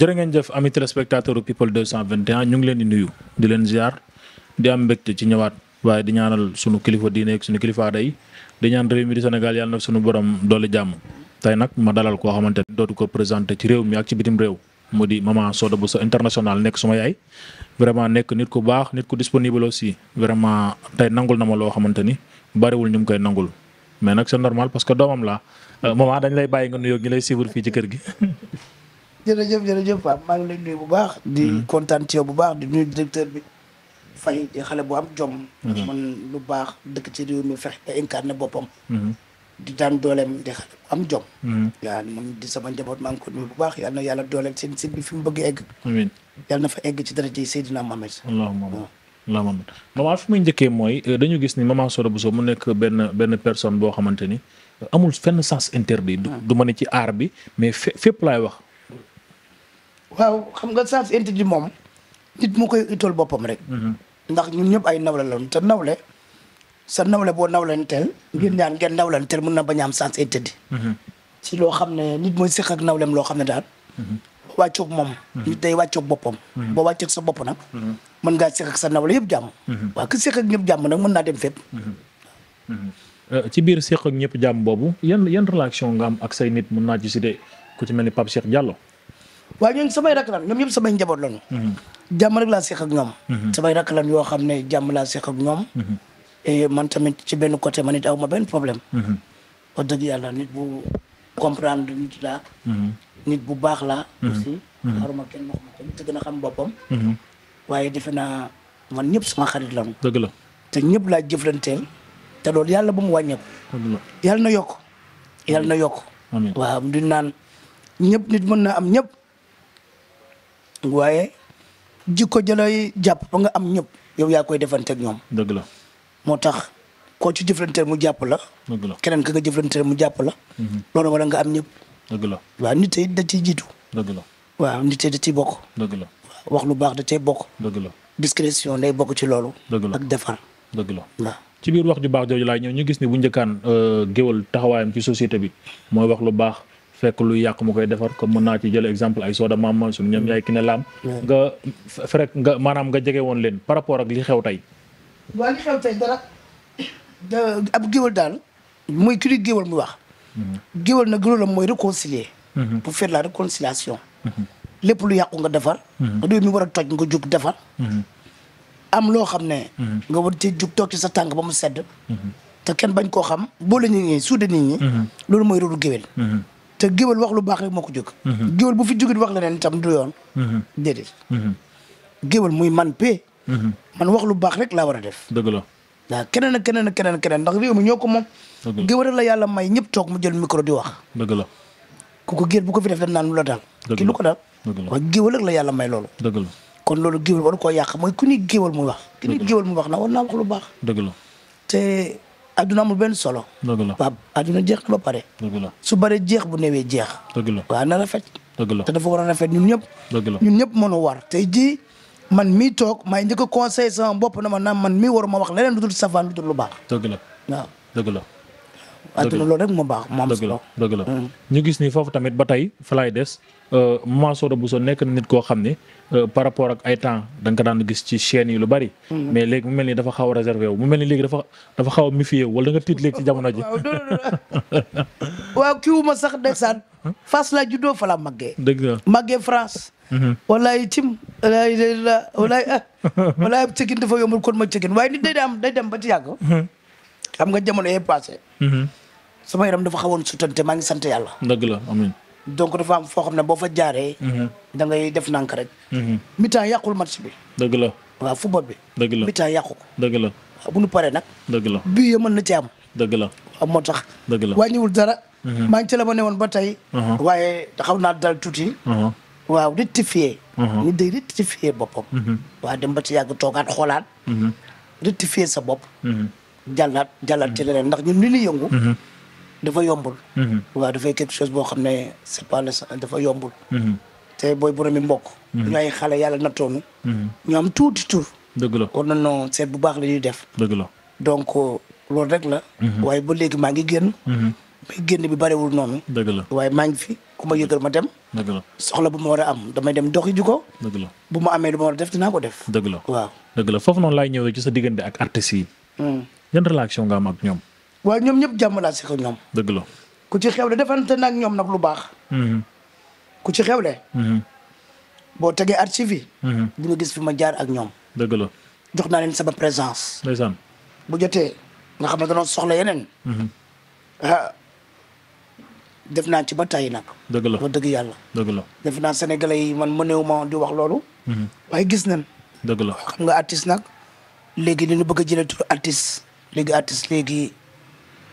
jërë ngeen jëf ami téléspectateur people 221 ñu ngi leen di nuyu di leen ziar di am mbégte ci ñëwaat waaye di ñaanal sunu kilifa diine ak sunu kilifa day yi di ñaan réew mi di Sénégal yàlla na sunu borom doole jàmm tey nag ma dalal koo xamante ne dootu ko présenté ci réew mi ak ci bitim réew mu di maman Soda Bousso international nekk suma yaay vraiment nekk nit ku baax nit ku disponible aussi vraiment tey nangul na ma loo xamante ni bariwul ñu mu koy nangul mais nag c'est parce que doomam la euh, maman dañ lay bàyyi nga nuyoo ñu fii ci kër gi. jërëjëf jërëjëf Pape maa ngi lay nuyu bu baax. di mm-hmm. kontaan ci yow bu baax di nuyu directeur bi. fay di xale bu am jom. Mm-hmm. man lu baax dëkk ci réew mi fexe ba incarné boppam. Mm-hmm. di daan dooleem di xale bu am jom. waaw man di sama njaboot maa ngi ko nuyu bu baax yal na yàlla dooleel seen site bi fi mu bëgg egg. amiin yal na fa egg ci daraja yi Seydina Mohamed. allahumma allahumma maman fi muy njëkkee mooy euh, dañu gis ni maman bu Bousso mu nekk benn benn personne boo xamante ni euh, amul fenn sens interdit. Mm. du ma ne ci aar bi mais fépp laay wax. waaw xam nga sens interdit moom nit mu koy itool boppam rek. Mhm. ndax ñun ñëpp ay nawle la te nawle sa nawle boo nawlenteel. Mhm. ngir ñaan ngeen nawlenteel mun na bañ am sens interdit. Mhm. ci loo xam ne nit mooy seq ak nawlem loo xam ne daal. wàccoog moom. nit day wàccoog boppam. boo wàccoog sa bopp nag. mën ngaa seq ak sa nawle yëpp jàmm. waaw ku seq ak ñëpp jàmm nag mën naa dem fépp. Euh, ci biir seq ñëpp jàmm boobu yan yan relation nga am ak say nit mun naa ci citer ku ci mel ni Pape Cheikh Diallo. waaye ñun samay rakk lan ñoom ñëpp samay njaboot lañu. Mhm. jàmm rek laa seq ak ñoom. Mhm. samay yoo xam ne jàmm laa seq ak ñoom. Mhm. et eh, man tamit ci benn côté man it aw ma benn problème. wax dëgg yàlla nit bu comprendre nit laa. nit bu baax laa. aussi xaruma kenn waxuma ko nit a gën a xam boppam. waaye defe naa man ñëpp sama xarit lañu. dëgg la te ñëpp laa jëflanteel te loolu yàlla bu mu wàññeeku. yàlla na yokk yàlla na yokk. waaw di naan ñëpp nit mën na am ñëpp. waaye ko jëlay jàpp ba nga am ñëpp yow yaa koy defanteeg ñoom. dëgg la moo tax koo ci jëflanteel mu jàpp la. dëgg la keneen ka nga jëflanteel mu jàpp la. Mhm. loolu wala nga am ñëpp. dëgg la waaw nit yi da ciy jiitu. dëgg la waaw nit yi da ciy bokk. dëgg la wax lu baax da cee bokk. dëgg la discrétion day bokk ci loolu. dëgg la ak defar. dëgg la waaw. ci biir wax ju baax jooju laa ñëw ñu gis ni bu njëkkaan euh, géwal taxawaayam ci société bi mooy wax lu baax. fekk luy yàq mu koy defar comme mën naa ci jël exemple ay sooda maam suñu ñoom nga fekk jege woon leen par rapport ak li xew tey waaw li xew tey dara ab géwal daal muy kii géwal mu wax géwal na gënoon mooy réconcilier mm-hmm. pour faire la réconciliation mm-hmm. lépp lu yàqu nga defar mm-hmm. réew toj nga jug defar am loo xam ne nga war ci jug toog ci sa tànk ba mu sedd te kenn bañ koo xam boole nit ñi suude nit ñi loolu mooy rôle géwél te géwél wax lu baax rek moo ko jóg. Mhm. géwél bu fi jógee wax la leen itam du yoon. Mhm. déedéet. Mhm. muy man pe. man wax lu baax rek laa war a def. dëgg la waaw keneen ak keneen ak keneen ak keneen ndax réew mi ñoo ko moom. géwél la yàlla may ñëpp toog mu jël micro di wax. dëgg la ku ko bu ko fi def dañ naan lu la lu ko daal. waaye géwél rek la yàlla may loolu. dëgg kon loolu géwél war koo yàq mooy ku ni géwél muy wax. dëgg la muy wax na war na wax lu baax. dëgg la adduna mu benn solo. dëgg la Pape adduna jeex na ba pare. la su baree jeex bu newee jeex. dëgg la waaw na rafet. dëgg la te dafa war a rafet ñun ñëpp. dëgg la ñun ñëpp mënu war tey ji man mi toog may njëkk a conseil sama bopp na ma naan man mii waruma wax leneen lu dul safaan lu dul lu baax. dëgg la waaw dëgg adduna loolu rek ma baax moo am solo dëgg la mm. ñu gis ni foofu tamit ba tey fa laay des euh, Mame Soda Bousso nekk na nit koo xam ne euh, par rapport ak ay temps da nga gis ci chaîne yi lu bari. Mm. mais léegi mu mel ni dafa xaw a mu mel ni léegi dafa dafa xaw a méfié wu wala da nga tiit léegi ci jamono ji. waaw kii wu ma sax ndeysaan Fass laa juddoo fa laa màggee. dëgg la màggee France. Mm-hmm. walaay tim walaay walaay ah walaay cëgin dafa yombul kon ma cëgin waaye nit day am day dem ba ci yàgg. Mm-hmm. xam nga jamono yee passé. Mm-hmm. sama yaram dafa xawoon sutante maa ngi sant yàlla. dëgg la donc dafa am foo xam ne boo fa jaaree. Mhm. da ngay def nank rek. Mhm. mi-temps yàqul match bi. dëgg la waaw football bi. dëgg la mi-temps yàqu ko. dëgg la waaw bu nu paree la bii ya na ci am. dëgg la waaw moo tax. dëgg la wàññiwul dara. Mhm. maa ngi ci la ma ne woon ba tey. waaye xaw naa dal tuuti. waaw rectifier. ñu day rectifier boppam. waaw dem ba ci yàgg toogaat xoolaat. rectifier sa bopp. jàllaat jàllaat ci leneen ndax ñun li ñuy dafa yombul. Mhm. waaw dafay quelque chose boo xam ne c' est pas le dafa yombul. Mhm. te booy boromi mbokk. Mhm. ñu xale yàlla nattoonu. ñu am tuuti tur. dëgg la war nañoo seet bu baax la ñuy def. dëgg la donc euh, loolu rek la. waaye ba léegi maa ngi génn. mais génn bi bariwul noonu. dëgg la waaye maa ngi fi ku ma yëgal ma dem. soxla bu ma war a am damay dem doxi ji ko. dëgg la bu ma amee lu ma war a def dinaa ko def. dëgg la waaw dëgg la foofu noonu laay ñëwee ci sa diggante ak artistes yi. Hmm. yan relation nga ñoom. waaye ñoom ñëpp jàmm laa si ko ñoom. dëgg la ku ci xewle defante nag ñoom nag lu baax. Mm-hmm. ku ci le mm-hmm. boo tegee archive yi. di mm-hmm. gis fi ma jaar ak ñoom. dëgg la jox naa leen sama présence. ndeysaan bu jotee nga xam ne dañoo soxla yeneen. Ah, def naa ci ba tàyyi nag. dëgg la dëgg yàlla. dëgg la def naa sénégalais man mënewuma di wax loolu. waaye gis nañ. dëgg la xam nga artiste nag léegi li ñu bëgg a jëlee tur léegi.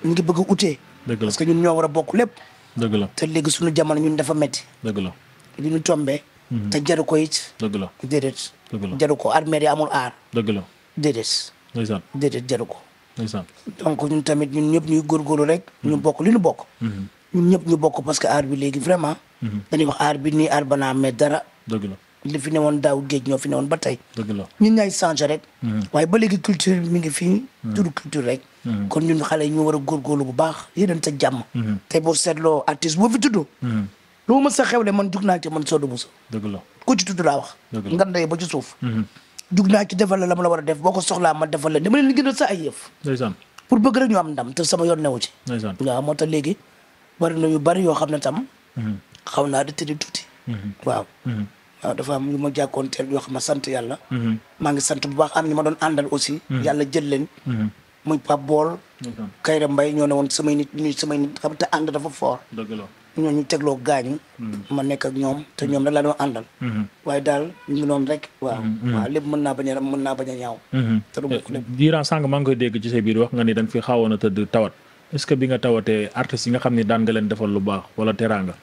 ñu ngi bëgg a utee. dëgg ñun ñoo war a bokk lépp. dëgg la léegi suñu jamono ñun dafa métti. dëgg la li ñu tombee. Mhm. te jaru ko it. dëgg la déedéet. dëgg la ko armée yi amul aar. dëgg la déedéet. ndeysaan déedéet jaru ko. ndeysaan donc ñun tamit ñun ñëpp ñuy góorgóorlu rek. ñu mhm. bokk li ñu bokk. Mhm. ñun ñëpp ñu bokk parce que aar bi léegi vraiment. dañuy wax aar bi nii aar ba naa mais dara. dëgg la li fi newoon daaw géej ñoo fi newoon ba tey. dëgg la ñun ñaay changé rek. waaye ba léegi culture mi ngi fi. turu culture rek. Mm-hmm. kon ñun xale yi ñu war a góorgóorlu bu baax yéenante jàmm. Mm-hmm. te boo seetloo artiste boo fi tudd. Mm-hmm. lu ma mës a xewle man jug naa ci man Sodou Bousso. dëgg la ku ci tudd laa wax. nga ndey ba ci suuf. jug naa ci defal la la ma la a def boo ko soxlaa la dama leen gënal sa ay yëf. ndeysaan pour bëgg rek ñu am ndam te sama yoon newu ci. ndeysaan waaw moo tax léegi bari na yu bari yoo xam ne tam. xaw naa di tëddi bu baax am ñu ma doon àndal aussi. yàlla jël leen. muy Pape Bool. Kayra Mbaye ñoo ne woon samay nit ñuy samay nit xam te ànd dafa fort. ñooñu tegloo gaañu. Mm. ma nekk ak ñoom te ñoom rek laa doon àndal. Mm-hmm. waaye daal ñu noonu rek. waaw mm-hmm. waaw lépp mën naa bañ a mën naa bañ a ñaaw. Mm-hmm. te du bokk lépp eh, diiran sànq maa ngi koy dégg ci say biir wax nga ni dañ fi xawoon a tëdd tawat est-ce que bi nga tawatee artistes yi nga xam ne daan nga leen defal lu baax wala teraanga.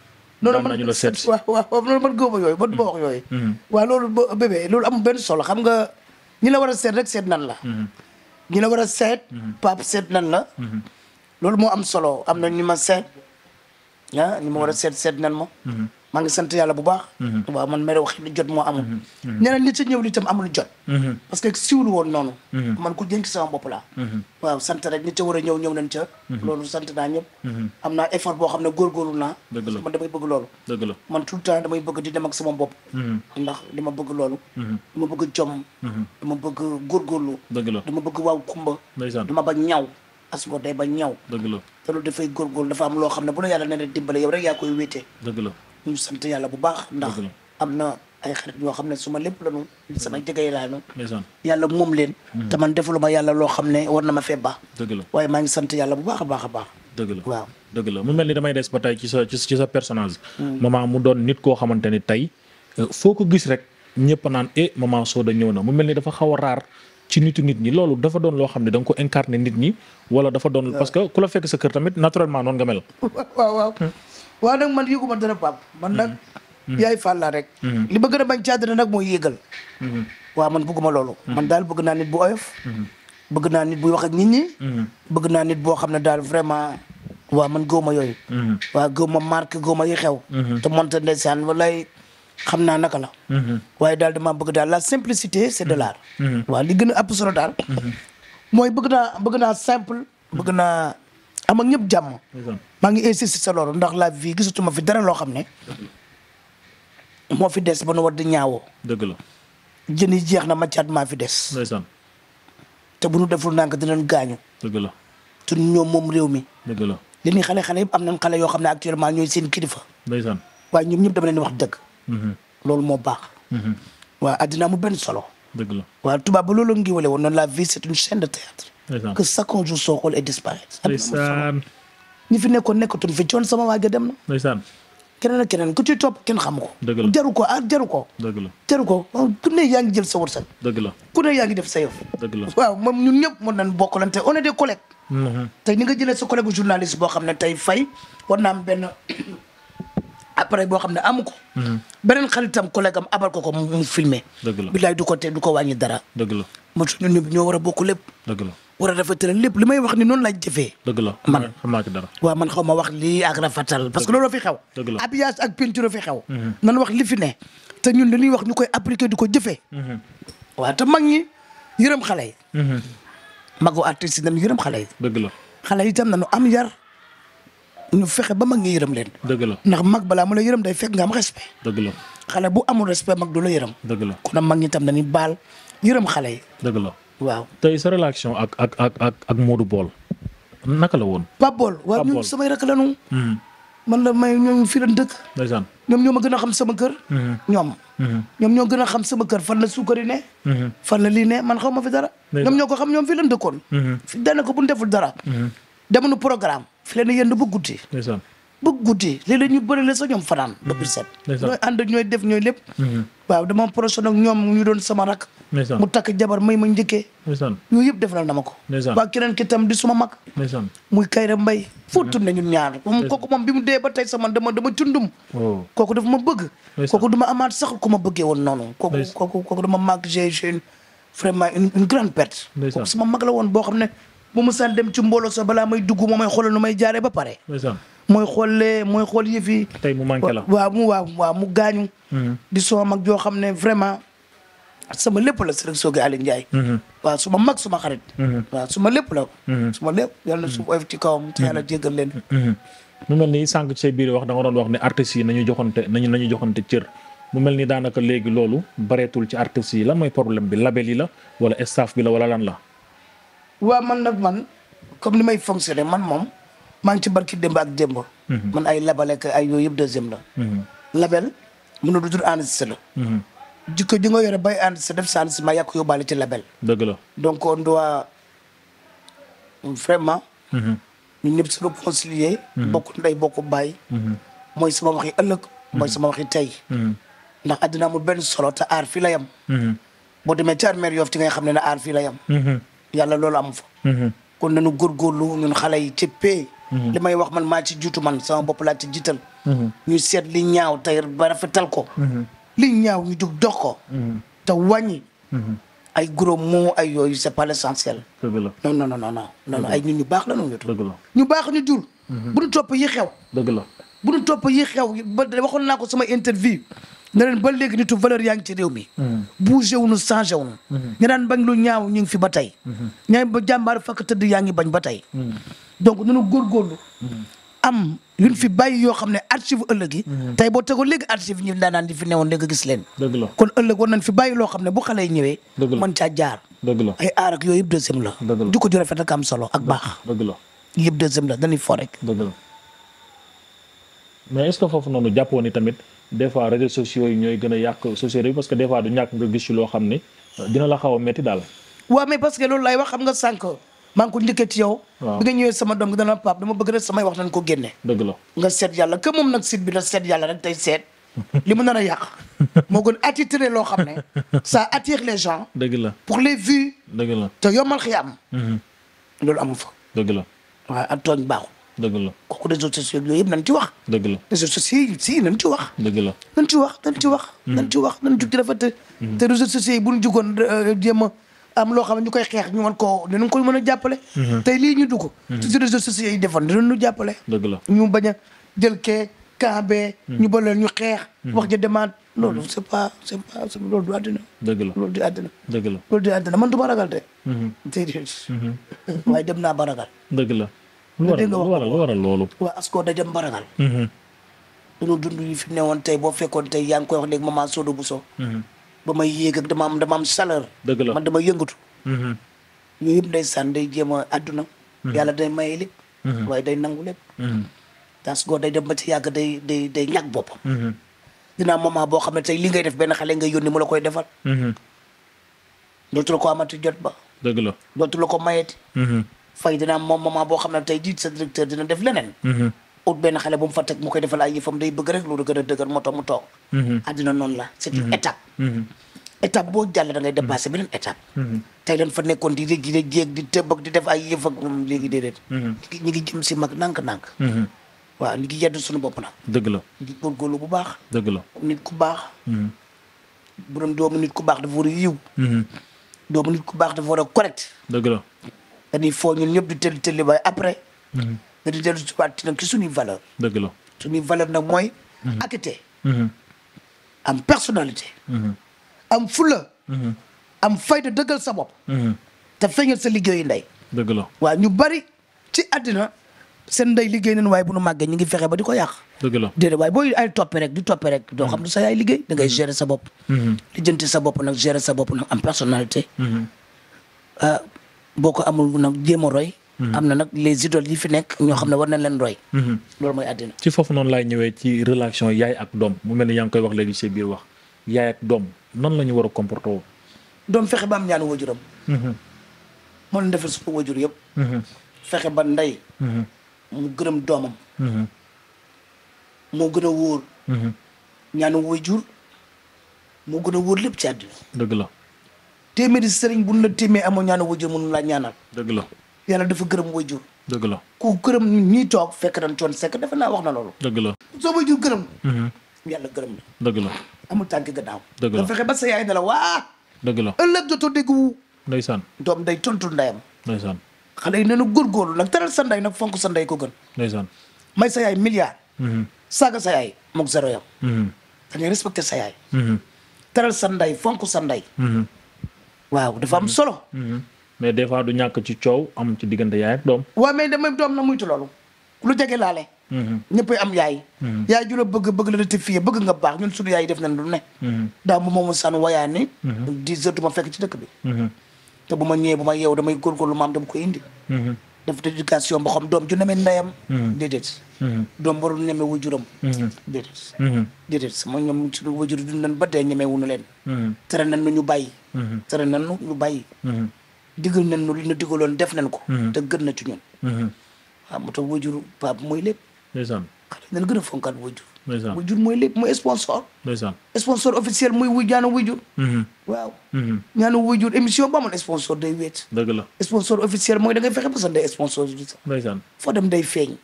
noonu loolu man góob loolu bébé benn solo xam nga ñi la war a seet rek seet nan la ñi la war a seet. Mhm. pap seet nan la. Mhm. loolu moo am solo am na ñu ma seet ah ñu ma war a mhm. seet seet nan ma. maa ngi sant yàlla bu baax. waaw mhm. man mere wax jot moo amul. Mhm. Mhm. nee na li ci ñëw li tam amul jot. parce que siwul woon noonu. man ku jënk sama bopp laa. waaw sant rek li ca war a ñëw ñëw nañ ca. loolu sant boo xam ne góorgóorlu naa. dëgg la man damay bëgg loolu. dëgg la man tout le temps damay bëgg bopp. ndax li ma bëgg loolu. dama bëgg jom. dama bëgg góorgóorlu. dëgg la dama bëgg waaw kumba. dama bañ ñaw. asgoor day bañ ñaw. dëgg la te loolu dafay góorgóorlu dafa am loo xam ne bu la yàlla nee dimbale yow rek yaa koy wéete. ñu sant bu baax ndax am na ay xarit ñoo xam ne su ma lépp la ñu sama jege laa ñu yàlla moom leen hmm. te man defuluma yàlla loo xam ne war na ma fee baax dëgg la waaye maa ngi sant yàlla bu baax a baax a baax dëgg la waaw dëgg la mu mel ni damay des ba tey ci sa ci sa personnage hmm. nit koo xamante ni tey euh, foo ko gis rek ñëpp naan e maman Soda ñëw na mu mel ni dafa xaw a raar ci nitu nit ñi loolu dafa doon loo xam ne da ko ko ne nit ñi wala dafa doon parce que ku la fekk sa kër tamit naturellement noonu nga mel waaw hmm. waaw nag man yëguma dara pap man nag mm-hmm. yaay fàlla rek mm-hmm. li ma gën a bañ ci àddina nag mooy yéegal mm-hmm. waaw man bëgguma loolu man daal bëgg naa nit bu oyof bëgg naa nit buy wax ak nit ñi bëgg naa nit boo xam ne daal vraiment waaw man góoma yooyu waaw góoma marque góoma yi xew te monte ndeysaan walay xam naa naka la waaye daal damaa bëgg daal la simplicité c'est de l'art waaw li gën a ëpp solo daal mooy bëgg naa bëgg naa simple bëgg naa am ak ñëpp jàmm maa ngi insister sa loolu ndax la vie gisatuma fi dara loo xam ne moo fi des ba nu war de ñaawoo. dëgg jën yi jeex na ma caat maa fi des. ndeysaan. te bu nu deful ndànk dinañ gaañu. dëgg la. te ñoom moom réew mi. dëgg la li ñuy xale xale yëpp am xale yoo xam ne actuellement ñooy seen kilifa. ndeysaan waaye ñoom ñëpp dama leen wax dëkk mm-hmm. lool moo baax. Mm-hmm. waa àddina mu benn solo. dëgg la waaw tubaab ba loolu ngi wale woon noonu la vie c'est une chaîne de théâtre. que chacun joue son rôle et disparaît. ñi fi nekkoon nekkatul fi coon sama waa dem na. ndeysaan. keneen ak keneen ku ci topp kenn xamu ko. dëgg la jaru ko ah jaru ko. dëgg la jaru ko ku ne yaa ngi jël sa wërsëg. dëgg la yaa ngi def sa yëf. dëgg la waaw moom ñun ñëpp mën nañ bokkalante on est des collègues. Mm-hmm. tey ni nga jëlee sa collègue journaliste boo xam ne tey fay war naa am benn appareil boo xam ne amu ko. Mm-hmm. beneen xaritam collègue am abal ko ko mu filme dëgg la bilaay du ko te du ko wàññi dara. dëgg la mosu ñun ñëpp ñoo war a bokk lépp. dëgg la. wara a rafetal lépp li may wax ni noonu laay jëfee. dëgg la man xam naa ci dara. xaw ma wax lii ak rafetal. parce que loolu la fi xew. dëgg la habillage ak peinture la fi mhm. nan wax li fi ne te ñun dañuy wax ñu koy appliquer di ko jëfee. Mhm. waa te mag ñi yërëm xale yi. Mhm. magu artistes yi nañu xale yi. dëgg la xale yi itam nañu am yar. ñu fexe ba mag nga yërëm leen. dëgg la ndax mag balaa mu la yërëm day fekk nga am respect. dëgg xale bu amul respect mag du la yërëm. dëgg la kon nag mag ñi tam dañuy baal yërëm xale yi. dëgg la waaw tey sa relation ak ak ak ak ak Modou Bol naka la woon. Pape Bol waaw ñun samay rakk lañu. Mm-hmm. man la may ñoom fi lan dëkk. ndeysaan ñoom ñoo ma gën a xam sama kër. Mm-hmm. ñoom. Mm-hmm. ñoom ñoo gën a xam sama kër fan la suukari ne. fan na lii ne man xaw ma fi dara. ñoom ñoo ko xam ñoom fi lan dëkkoon. fi daanaka bu ñu deful dara. demuñu programme fi la ne yéen ba guddi. ba guddi léeg-léeg ñu bëri sa ñoom fanaan ba mm-hmm. bir set ñooy ànd ñooy def ñooy lépp mm-hmm. waaw dama projet nag ñoom ñu doon sama rak mu takk jabar may ma njëkkee yooyu yëpp defal na ma ko waaw keneen ki tam di suma mag muy Kayra Mbay mm-hmm. foo tourné ñun ñaar moom kooku moom bi mu dee ba tey sama dama dama tundum oh. kooku dafa ma bëgg kooku duma amaat sax ku ma bëggee woon noonu kooku kooku kooku dama mag j'ai vraiment une grande perte kooku mag la woon boo xam ne bu mu saan dem ci mbooloo sax balaa may dugg moom may xoolal nu may jaaree ba pare mooy xool xoolee mooy xool yëf tey mu manqué la waaw mu waaw waaw mu gaañu. Mm-hmm. di soo mag joo xam ne vraiment sama lépp la Serigne Soga Aliou Ndiaye. Mm-hmm. waaw suma mag suma xarit. Mm-hmm. su ma lépp la. suma lépp yàlla na su ci kawam te yàlla jéggal leen. mu mel ni sànq ci biir wax da doon wax ne artistes nañu joxante nañu nañu joxante cër. mu mel ni daanaka léegi loolu bareetul ci artistes yi lan mooy problème bi label yi la wala staff bi la wala lan la. waaw man nag man comme ni may fonctionner man moom. maa ngi ci barki démb ak démb. Mhm. man ay label ak ay yooyu yëpp deuxième la. Mhm. label mu a du dul enregistré la. Mhm. jikko ji nga yore bay enregistré def sa enregistrement yàq yóbbaale ci label. dëgg la donc on doit vraiment. ñu ñëpp se réconcilier. bokk ndey bokk baay. mooy sama waxi ëllëg. mooy sama waxi tey. ndax addina mu benn solo te aar fii la yam. boo demee ci armeel Yoff ci ngay xam ne ne aar fii la yam. yàlla loolu am fa. kon nañu góorgóorlu ñun xale yi ci Mm-hmm. li may wax man maa ci juutu man sama bopp laa ci jiital. Mm-hmm. ñu seet li ñaaw tey ba rafetal ko. Mm-hmm. li ñaaw ñu jug dox ko. te wàññi. ay gros mots ay yooyu c'est pas l'essentiel. dëgg la non non non non ay nit ñu baax la ñu. dëgg la ñu baax ñu jur. bu topp yi xew. dëgg bu ñu topp yi xew ba waxoon naa ko sama interview. ne leen ba léegi nitu valeur yaa ngi ci réew mi. bougé wu ñu changé wu ñu. ñu daan lu ñaaw ñu ngi fi ba tey. ñaar ba jàmbaar fakk tëdd yaa ngi bañ ba tey. donc nanu góorgóorlu mm-hmm. am yuñ fi bàyyi yoo xam ne archive ëllëg yi mm-hmm. tey boo tegoo léegi archive ñi daanaan di fi newoon da nga gis leen kon ëllëg war nañ fi bàyyi loo xam ne bu xale yi ñëwee mën caa jaar dëgg la ay aar ak yooyu yëpp deuxième la rek dëgg la mais foofu noonu jàppoon ni tamit des fois réseaux sociaux yi ñooy gën a yàq société bi parce que des fois du ñàkk nga gis ci loo xam ne dina la xaw a metti daal waaw mais parce que loolu lay wax xam nga sànq maa ngi ko njëkkee ci yow. bi nga ñëwee sama doom gi dana pap dama bëgg rek samay wax nañ ko génne. dëgg la nga seet yàlla que moom nag site bi na seet yàlla rek tey seet. li mu nar a yàq moo gën attitré loo xam ne ça attire les gens. dëgg la pour les vues. dëgg la te yombal xiyam. Mm-hmm. loolu amu fa. dëgg la waaw ak tooñ baaxu. dëgg la kooku réseaux sociaux yooyu yëpp nañ ci wax. dëgg la réseaux sociaux yi si nañ ci wax. dëgg la nañ ci wax nañ ci wax. Mm-hmm. nañ ci wax nañ jug ci rafet. Mm-hmm. te réseaux sociaux yi bu ñu jugoon euh, jéem a am loo xam ne ñu koy xeex ñu mën koo dinañ koy mën a jàppale. Mhm. tey lii ñu dugg. Mhm. ci réseaux sociaux yi defoon dinañ ñu jàppale. dëgg la ñu bañ a jël kee kaabee. Mhm. ñu wax ja demande loolu c'est pas loolu du àddina. la loolu du àddina. dëgg la loolu du àddina man du ma ragal de. déedéet. waaye dem naa ba ragal. la. lu waral lu waral lu waral loolu. waa asko da dem ba ragal. loolu dund yi fi newoon tey boo fekkoon tey yaa ngi koy wax léegi maman Sodo Bousso. ba may yéeg ak dama am dama am chaleur. dëgg la man dama yëngatu. Mm-hmm. yooyu yëpp ndeysaan day jéem a àdduna. Mm-hmm. yàlla day maye lépp. Mm-hmm. waaye day nangu lépp. tas góor day dem ba ci yàgg day day day ñàkk boppam. dina am moment boo xam ne tey li ngay def benn xale ngay yónni mu la koy defal. dootu la ko amati jot ba. dëgg la dootu fay dina am boo xam ne tey jii sa directeur dina def leneen. ut benn xale bu mu fa teg mu koy defal ay yëfam day bëgg rek loolu gën a dëgër moo mu toog. Mm-hmm. na noonu la c'est une mm-hmm. étape. Mm-hmm. étape boo jàll da ngay dépassé beneen étape. tey dañ fa nekkoon di rëj di jéeg di tëb di def a yëf ak moom léegi déedéet. ñu gi jëm si mag nànk-nànk. waaw ñu ngi yedd suñu bopp nag. dëgg la di góorgóorlu bu baax. dëgg la nit ku baax. bu doon doomu nit ku baax dafa war a yiw. doomu nit ku baax dafa war a correct. dëgg la dañuy foo ñun ñëpp di tëlli tëlli ba après. nga di dellu si waat nag dëgg la suñuy nag mooy. am personnalité. Mm-hmm. am fula. Mm-hmm. am fayda dëggal sa bopp. Mm-hmm. te feeñal sa liggéeyu ndey. dëgg la waaw ñu bari ci àddina seen ndey liggéey nañu waaye bu nu màggee ñu ngi fexe ba di ko yàq. dëgg waaye booy ay toppee rek di toppee rek doo xam ne sa yaay liggéey da ngay gérer sa bopp. lijjanti sa bopp nag gérer bopp nag am personnalité. Euh, boo ko amul nag jéem Mhm. am na nag les idoles yi fi nekk ñoo xam ne war nañ leen roy. Mhm. loolu mooy àddina. ci foofu noonu laay ñëwee ci relation yaay ak doom mu mel ni yaa ngi koy wax léegi ci biir wax yaay ak doom nan la ñu war a comporté woo. doom fexe ba am ñaanu waajuram. Mhm. moo leen defal suñu waajur yëpp. fexe ba ndey. mu gërëm doomam. moo gën a wóor. ñaanu waajur moo gën a wóor lépp ci àddina. dëgg la. téeméeri sëriñ bu ñu la téemee amoo ñaanu waajur mënu laa ñaanal. dëgg la. yàlla dafa gërëm waajur dëgg la ku gërëm ñii toog fekk nañ coon sekk defe naa wax na loolu dëgg la soo waajur gërëm mm-hmm. yàlla la dëgg la amul tànk gannaaw dëgg la nga fexe ba sa yaay ne la waa dëgg la ëllëg dootoo dégg wu ndeysaan doom day tontu ndeyam ndeysaan xale yi nañu góorgóorlu nag teral sa ndey nag fonk sa ndey ko gën ndeysaan may sa yaay milliard mm-hmm. saaga sa yaay moog zéro yam mm-hmm. da ngay respecté sa sa ndey fonk sa ndey solo mais des fois du ñàkk ci coow am ci diggante yaay ak doom. waaw mais damay doom na muytu loolu lu jege laale. Mhm. ñëppay am yaay. Mhm. yaay ju a bëgg bëgg la rectifier bëgg nga baax ñun suñu yaay def nañ lu ne. Mhm. daaw bu moomu sànn wayaa ni. dix heures du ma fekk ci dëkk bi. te bu ma ñëwee bu ma yeew damay góorgóorlu maam dama koy indi. def éducation ba xam doom ju neme ndeyam. déedéet. doom warul ñeme wajuram. déedéet. déedéet sama ñoom suñu wajur duñ leen ba dee ñeme wuñu leen. tere nan nu ñu digal nañ nu li ñu digaloon def nañ ko. Mm-hmm. te gën na ci ñun. waaw moo tax wajur paap mooy lépp. ndeysaan xale nañ gën a fonkaat wajur. ndeysaan mooy lépp mooy sponsor. ndeysaan sponsor officiel muy wuy ñaanu wajur. Mm-hmm. waaw. Mm-hmm. ñaanu wajur émission ba amoon sponsor day weet. dëgg la sponsor officiel mooy da fexe ba sax day sponsor. ndeysaan foo dem day feeñ.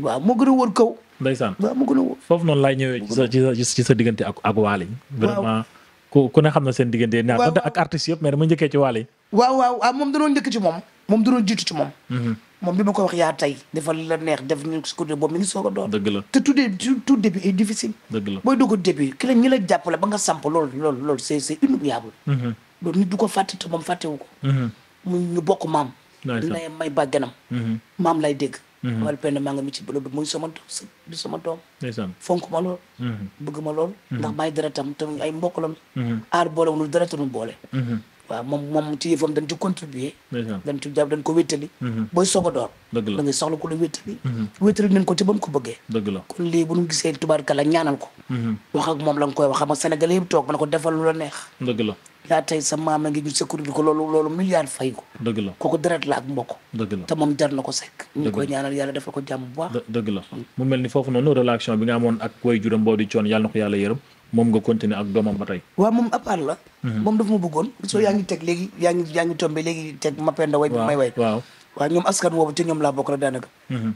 waaw moo gën a wër kaw. ndeysaan waaw moo gën a wër. foofu noonu laay ñëwee ci sa ci sa ci sa diggante ak ak ku ne xam na seen diggante. waaw ak artistes yëpp mais dama njëkkee ci Waly waaw waaw waaw moom danoon njëkk ci moom moom danoon jiitu ci moom mhm. moom bi ma ko wax yaa tey defal la neex def ñu si côté boobu mi ngi soog a door dëgg la te tout début tout début est difficile la booy dugg début ki la ñi la jàppale ba nga samp loolu loolu loolu c'est c'est inoubliable mhm. loolu nit du ko fàtte te moom fàttewu ko mhm. mu ñu bokk maam di sama doom fonk ma lool bëgg ma lool aar boole wunu dereta nu boole waaw moom moom ci yëfam dañ ci contribuer dañ ci jàpp dañ ko wéttali mhm. booy soog door da ngay soxla ko la wéttali mhm. wéttali nañ ko ci ba mu ko bëggee dëgg la kon lii bu ñu gisee tubaarkalla ñaanal ko mhm. wax ak moom la nga koy wax xam nga sénégalais yëpp toog ma ko defal lu la neex la yaa sa maam a ngi ñu sécurité ko loolu loolu milliard fay ko dëgg la kooku deret la ak mbokk dëgg la te moom na ko sekk ñu koy ñaanal yàlla defal ko jàmm bu baax dëgg la mm. mu mel ni foofu noonu relation bi nga amoon ak way juram boo di coon yàlla na ko yàlla yërëm moom nga continuer ak doomam ba tey waaw moom à la mhm. moom dafa ma bëggoon mhm. soo yaa ngi teg léegi yaa ngi yaa léegi teg mapenda way bi may way waaw waaw ñoom askan woowu ci ñoom laa bokk rek daanaka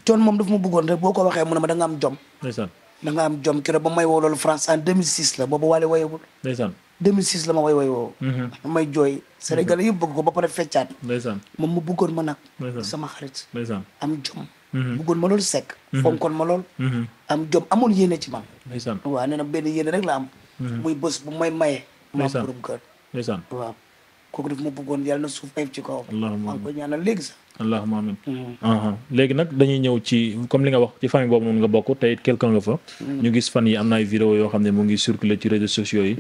coon mhm. moom dafa ma bëggoon rek boo ko waxee mu ne ma da jom ndeysaan ba may woo loolu France en 2006 la boobu waale wayewul ndeysaan 2006 la ma way way woo may jooy Sénégal yëpp bëgg ko ba pare feccaat moom mu bëggoon ma nag sama xarit am Mm-hmm. bëggoon ma lool sekk. Mm-hmm. fonkoon ma lool. Mm-hmm. am jom amoon yéene ci man. ndeysaan waaw nee na benn yéene rek la am. muy bés bu may maye. ndeysaan ma am borom kër. ndeysaan kooku daf ma bëggoon yàlla na suuf ayib ci kawam. allahumma amiin maa ngi koy ñaanal léegi uh-huh. léegi nag dañuy ñëw ci comme li nga wax ci famille boobu moom nga bokk te it quelqu'un nga fa. ñu gis fan yi am na ay yoo xam ne mu ngi circuler ci réseaux sociaux yi.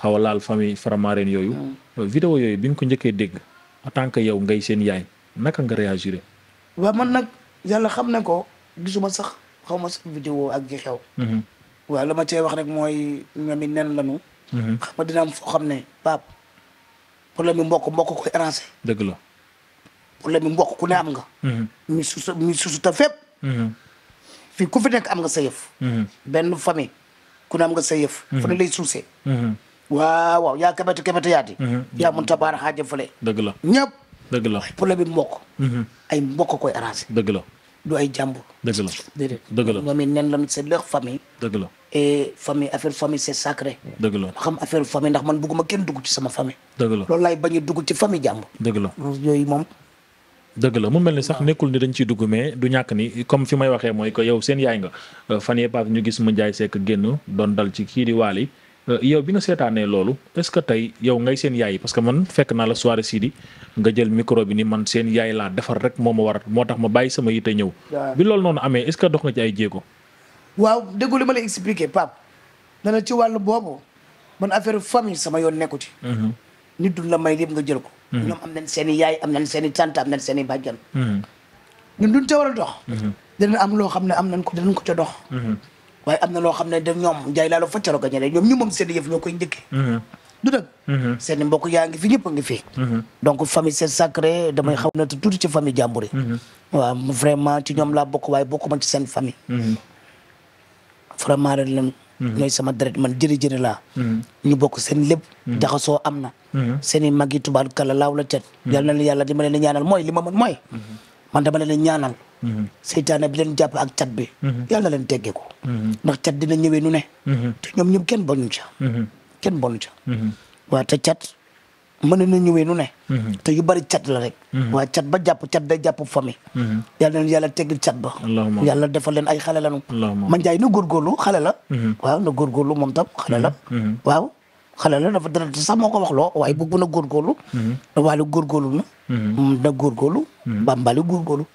xaw a laal famille Faramareen yooyu. vidéo yooyu bi nga ko njëkkee dégg en tant que yow ngay seen yaay naka nga réagir. yàlla xam ne ko gisuma sax xaw ma sax vidéo ak gi xew mhm. waaw la ma cee wax rek mooy ñoom it nen lañu mhm. xam dina am foo xam ne pap problème bi mbokk mbokk koy arrangé dëgg la problème bi mbokk ku ne am nga mhm. mi susu mi susuta fii ku fi nekk am nga sa yëf benn famille ku ne am nga sa yëf fu ne lay suusee waaw yaa kebete kebete yaati yaa mun tabaar xaaja fële dëgg la dëgg la problème bi mbokk. Mhm. ay mbokk koy arrangé. dëgg la du ay jàmbur. dëgg la dëgg la ñoom it nen la c'est leur famille. dëgg la et famille affaire famille c'est sacré. dëgg la xam affaire famille ndax man bëgguma kenn dugg ci sama famille. dëgg la loolu laay bañ a dugg ci famille jàmbur. moom. la mu mel ni sax ah. nekkul ni dañ ciy dugg mais du ñàkk ni comme fi may waxee mooy que yow seen yaay nga euh, fan yee paas ñu gis mu jaay sekk génn doon dal ci kii di waali Euh, yow bi nga seetaanee loolu est-ce que tey yow ngay seen yaay parce que man fekk naa la soirée Sidi nga jël micro bi ni man seen yaay laa defar rek moo ma war moo tax ma bàyyi sama yite ñëw. bi loolu noonu amee est-ce que dox nga ci ay jéego. waaw déggu li ma la expliqué Pape dana ci wàllu boobu man affaire famille sama yoon nekku ci. Mhm. nit du la may lépp nga jël ko. Mhm. ñoom am nañ seen i yaay am nañ seen i tante am nañ seen i bàjjan. Mhm. ñun duñ ca a dox. waaye am na loo xam ne daf ñoom njaay laa la fa caro gañe ñoom ñu moom seen yëf ñoo koy njëkkee mm-hmm. du dëgg mm-hmm. seen mbokk yaa ngi fi ñëpp ngi fi mm-hmm. donc famille c'est sacré damay xaw na tuuti ci famille jàmbur yi waaw ci ñoom laa bokk waaye ma ci seen famille vraiment ren leen ñooy sama deret man jëri-jëri laa ñu bokk seen lépp jaxasoo am na seen i mag yi tubaab kala laaw la cet yàlla na yàlla di ma leen ñaanal mooy li ma mën mooy man dama Mm-hmm. seytaane bi leen jàpp ak cat bi mm-hmm. yàlla na leen teggee ko mm-hmm. ndax cat dina ñëwee nu ne te ñoom ñëpp kenn bonu ca kenn bonu ca waa te cat mën na ñëwee nu ne te yu bari cat la rek waa cat ba jàpp cat day jàpp famille yàlla leen yàlla ba yàlla defal leen ay xale lanu man jaay na góorgóorlu xale la waaw na góorgóorlu moom tam xale waaw xale la da dara sax moo ko wax loo waaye bëgg na góorgóorlu. Mhm. Waly góorgóorlu na. Mhm. na góorgóorlu. Mhm. Bambali góorgóorlu.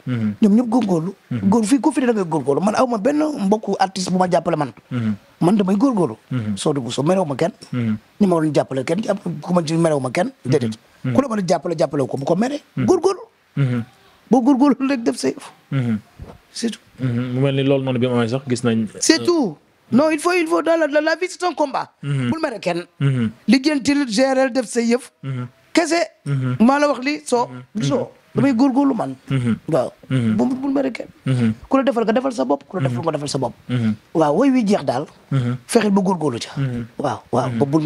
ñoom ñëpp góorgóorlu. góor fii ku fi da nga góorgóorlu man aw ma benn mbokku artiste bu ma jàppale man. man damay góorgóorlu. soo dugg soo merew ma kenn. ni ma waroon jàppale kenn ku ma ci merew ma kenn déedéet. ku la mën a jàppale jàppale ko bu ko meree. góorgóorlu. boo góorgóorlu rek def sa yëf. surtout. non il faut il faut dans la la vie c'est un combat. Mhm. bul mere kenn. Mhm. def sa mhm. kese. maa la wax li so gisoo. damay góorgóorlu man. waaw. bu bul mere kenn. ku la defal nga defal sa bopp ku la defal nga defal sa bop waaw woy wi jeex daal. fexeel ba góorgóorlu ca. waaw ba bul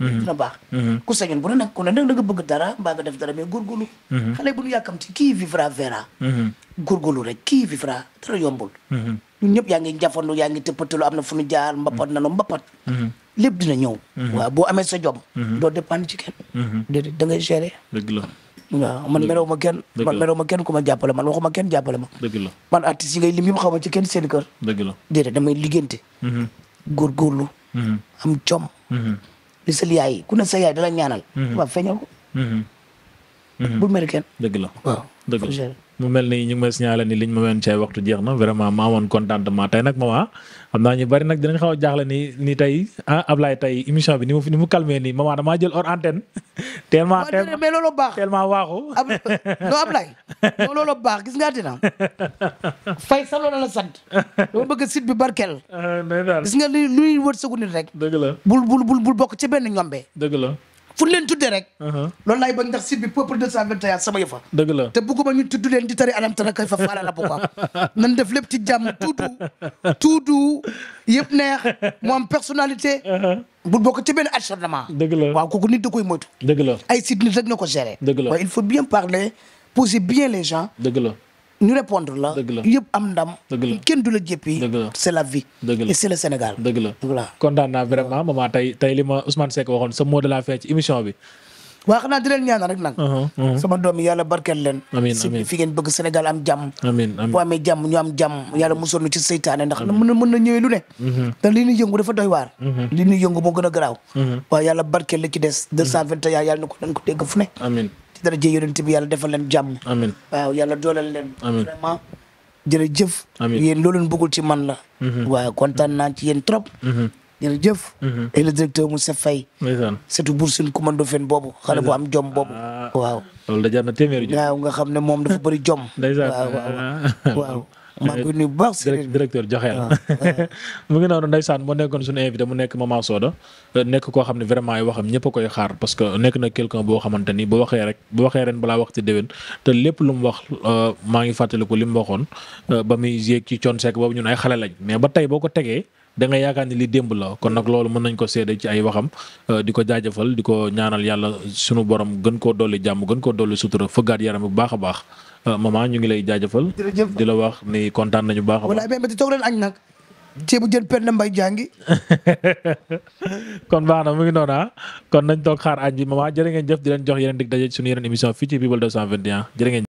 Mm-hmm. dina baax mm-hmm. ku sañoon bu ne nag ku ne nag da nga bëgg dara mbaa nga def dara mais góorgóorlu mm-hmm. xale bu ñu yàkkamti kii vivra verra góorgóorlu rek kii vivra dara yombul ñun ñëpp yaa ngi jafandu yaa ngi tëppatalu am na fu ñu jaar mbapat nanu mbapat lépp dina ñëw waaw boo amee sa jom doo dépendre ci kenn déedéet da ngay gérer dëgg man merew ma kenn man merew ma kenn ku ma jàppale man waxuma ma dëgg la man yi ngay lim yëpp xaw ma ci kenn seen kër dëgg la déedéet damay liggéente góorgóorlu am li sa yaay ku ne sa yaay ñaanal. tubaab mhm. feeñal ko. Mhm. Mhm. bul mere kenn. dëgg mu mel ni ñu ngi may signaler ni liñ ma mën ci ay waxtu jeex na vraiment ma amoon contentement tey nag maman xam naa ñu bari nag dinañ xaw a jaaxle ni ni tey ah Ablaye tey émission bi ni mu ni mu calmé nii maman damaa jël hors antenne. tellement mais loolu baax tellement waaxu. ab non Ablaye loolu baax gis nga àddina fay sa loolu la sant. dama bëgg site bi barkeel. Ah, gis nga luy luy wërsëgu nit rek. dëgg la bul bul bul bokk ci benn ñombe. dëgg la. fu leen tuddee rek. Uh-huh. loolu laay bañ ndax site bi peuple 221 sama yëfa. dëgg la te bëgguma ñu tudd leen di tari alam tara kay la bokk am nan def lépp ci jàmm tuudu tuudu yëpp neex mu am personnalité. Uh-huh. bu bokk ci benn acharnement. dëgg la waaw kooku nit da koy moytu. dëgg la ko gérer. dëgg la waaye il faut bien parler poser bien les gens. dëgg la. ñu répondre la. yëpp am ndam. kenn du la jéppi. c'est la vie. c'est le Sénégal. dëgg la voilà kontaan naa vraiment maman ma Ousmane Seck waxoon sa mot de la fin ci bi. waa xanaa di leen ñaanal rek nag. Uh-huh, uh-huh. sama doom yi yàlla leen. amiin fi ngeen bëgg Sénégal am jàmm. amiin amiin boo ñu am jàmm yàlla musoon ci seytaane ndax mën na ñëwee lu ne. te uh-huh. li ñuy yëngu dafa doy waar. li ñuy yëngu moo gën a garaaw. waaye yàlla barkeel la ci des. 221 yàlla na ko dañ ko dégg ci daraja yonent bi yàlla defal leen jàmm. amiin waaw yàlla dooleel leen. amiin vraiment jërëjëf. amiin yéen loolu ci man la. Mhm. waaw kontaan naa ci yéen trop. Mhm. jërëjëf. Mhm. et le directeur Moussa Faye. ndeysaan surtout Bour Sine commando fen boobu. xale bo am jom boobu. Ah. waaw loolu da jar na nga xam ne moom dafa bëri jom. ndeysaan waaw waaw. maa ngi koy nuyu bu baax directeur joxe ah, la mu ngi noonu ndeysaan moo nekkoon suñu invité mu nekk Mama Soda euh, nekk koo xam ne vraiment ay waxam ñëpp a koy xaar parce que nekk na quelqu'un boo xamante ni bu waxee rek bu waxee ren balaa wax ci déwén te lépp lu mu wax euh, maa ngi fàttaliku li mu waxoon euh, ba muy yéeg ci coon sekk boobu ñun ay xale lañ mais ba tey boo ko tegee da nga yaakaar ni li démb la kon nag loolu mën nañ ko seede ci ay waxam di ko jaajëfal di ko ñaanal yàlla sunu borom gën koo dolli jàmm gën koo dolli sutura fëggaat yaram bu baax a baax Euh, maman ñu ngi lay jaajëfal. di la wax ni kontaan nañu baax a baax. walaay benn bët toog leen añ nag. ceebu jën per na mbay jàngi. kon baax na mu ngi noonu ah. kon nañ toog xaar añ bi maman jërë jëf di leen jox yeneen dig daje suñu yeneen émission fii ci People 221 jërë ngeen.